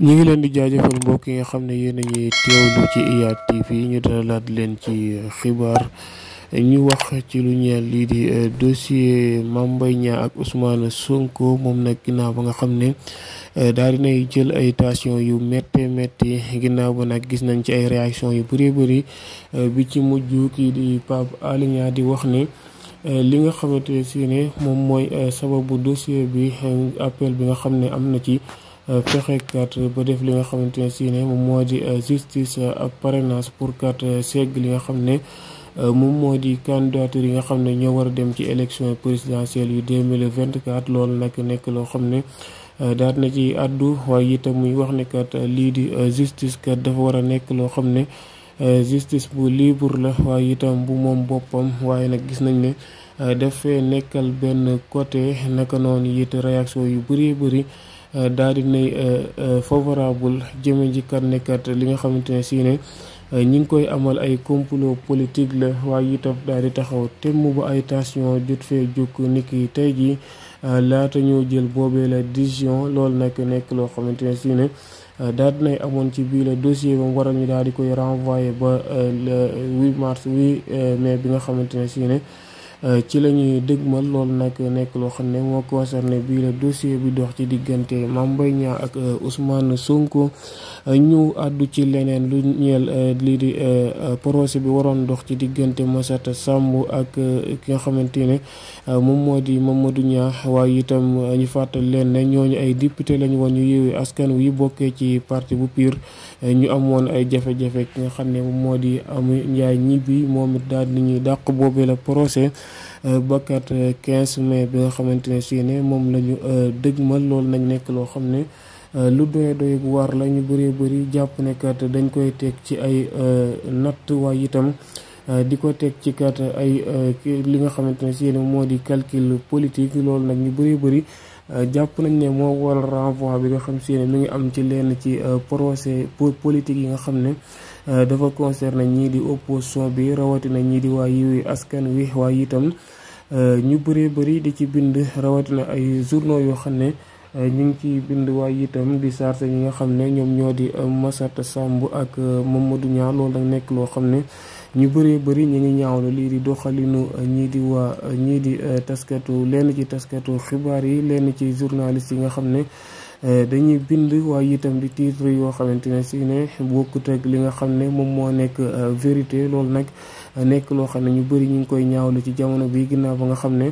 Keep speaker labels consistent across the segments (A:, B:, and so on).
A: ñu ngi leen di jaajëfal mbokk yi nga xam ne yéen a ñuy teewlu ci IYAT TV ñu dalalaat leen ci xibaar ñu wax ci lu ñeel lii di euh, dossier Mame Mbaye Niang ak Ousmane Sonko moom nag ginnaaw ba nga xam ne euh, daal dinay jël ay tension yu métti métti ginnaaw ba nag gis nañ ci ay réaction yu bëree bëri euh, bi ci mujj kii di Pape Alé di wax ni li nga xamante si moom mooy sababu dossier bi appel bi nga xam ne am na ci fexekat ba def li nga xamante ne si ne moom moo di euh, justice euh, ak parrainage pour kat euh, segg li nga xam ne moom moo di candidature yi nga xam ne ñoo war a dem ci élection présidentielle yu mille vingt 2024 loolu nag nekk loo xam ne daal na ci àddu waaye itam muy wax ni kat lii di justice kat dafa war a nekk loo xam ne justice bu libre la waaye itam bu moom boppam waaye nag gis nañ ne dafee nekkal benn côté naka noonu yit réaction yu bëri bëri Euh, daal di nay euh, euh, favorable jëme ji kat li nga xamante ne si ñi ngi koy amal ay complot politique la waaye itam daal di taxaw temm ba ay tension jot fee jukk niki tey jii laata ñoo jël boobee la décision lool nag nekk loo xamante ne si ne daal di nay amoon ci bii la dossier ba waral ñu daal di koy renvoyé ba le 8 mars 8 mai bi nga xamante ne si Euh, ci la ñuy ma loolu nag nekk loo xam ne moo concerné bii la dossier bi dox ci diggante Mame Mbaye Niang ak euh, Ousmane Sonko euh, ñu àddu ci leneen lu ñeel lii di procès bi waroon dox ci diggante Massata Samb ak ki nga xamante ne moom moo di Mamadou Niang waaye itam ñu fàttali leen ne ñooñu ay député lañu woon ñu yeewee askan wi bokkee ci parti bu piir ñu amoon ay jafe-jafe ki nga xam ne moo di Amy Ndiaye Gniby moom it daal di ñuy dàq boobee la procès euh, bakkat euh, quinze mais bi nga xamante ne si ne moom la ñu euh, dëgmal loolu nañ nekk loo xam ne lu doy doy bu war la ñu bëree bëri jàpp ne kat dañ koy teg ci ay natt waaye itam di ko teg ci kat ay li nga xamante ne si ne moo di calcul politique loolu nag ñu bëree bëri. Euh, jàpp nañ ne moo waral renvoi bi nga xam si ne mi ngi am ci lenn ci euh, procès politique yi nga xam ne euh, dafa concerné ñii di opposition bi rawatina ñi di waa yi askan wi waaye itam ñu bëree bëri di ci bind rawatina ay journaux yoo xam ne Eh, ñu ngi ciy bind waaye itam di chargé ñi nga xam ne ñoom ñoo di eh, Massata Samb ak moom eh, Mamadou Niang loolu nag nekk loo xam ne ñu bëree bëri ñu ngi ñaawlo lii di doxalinu ñii di waa ñii di taskatu lenn ci taskatu xibaar yi lenn ci journaliste yi nga xam ne dañuy bind waaye itam di titre yoo xamante ne si ne bokkut ak li nga xam ne moom moo nekk vérité loolu nag nekk loo xam ne ñu bëri ñu ngi koy ñaawlu ci jamono bi ginnaaw ba nga xam ne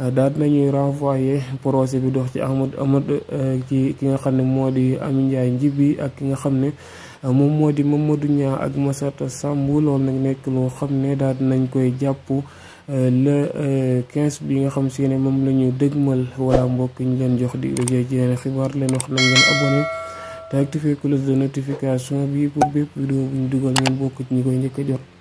A: euh, daal nañuy renvoyé procès bi dox ci Ahmad Ahmad euh, ci ki nga xam ne moo di Ami Ndiaye Njibi ak ki nga xam ne euh, moom moo di ma Niang ak Massata Samb loolu nag nekk loo xam ne daal nañ koy jàpp le 15 bi nga xam si ne moom la ñu dëgmal wala mbokk ñu leen jox di rajo ci yeneen xibaar leen wax nañ te activer cloche de notification bi pour bépp vidéo bu ñu dugal bokk ci ñu koy njëkk jot.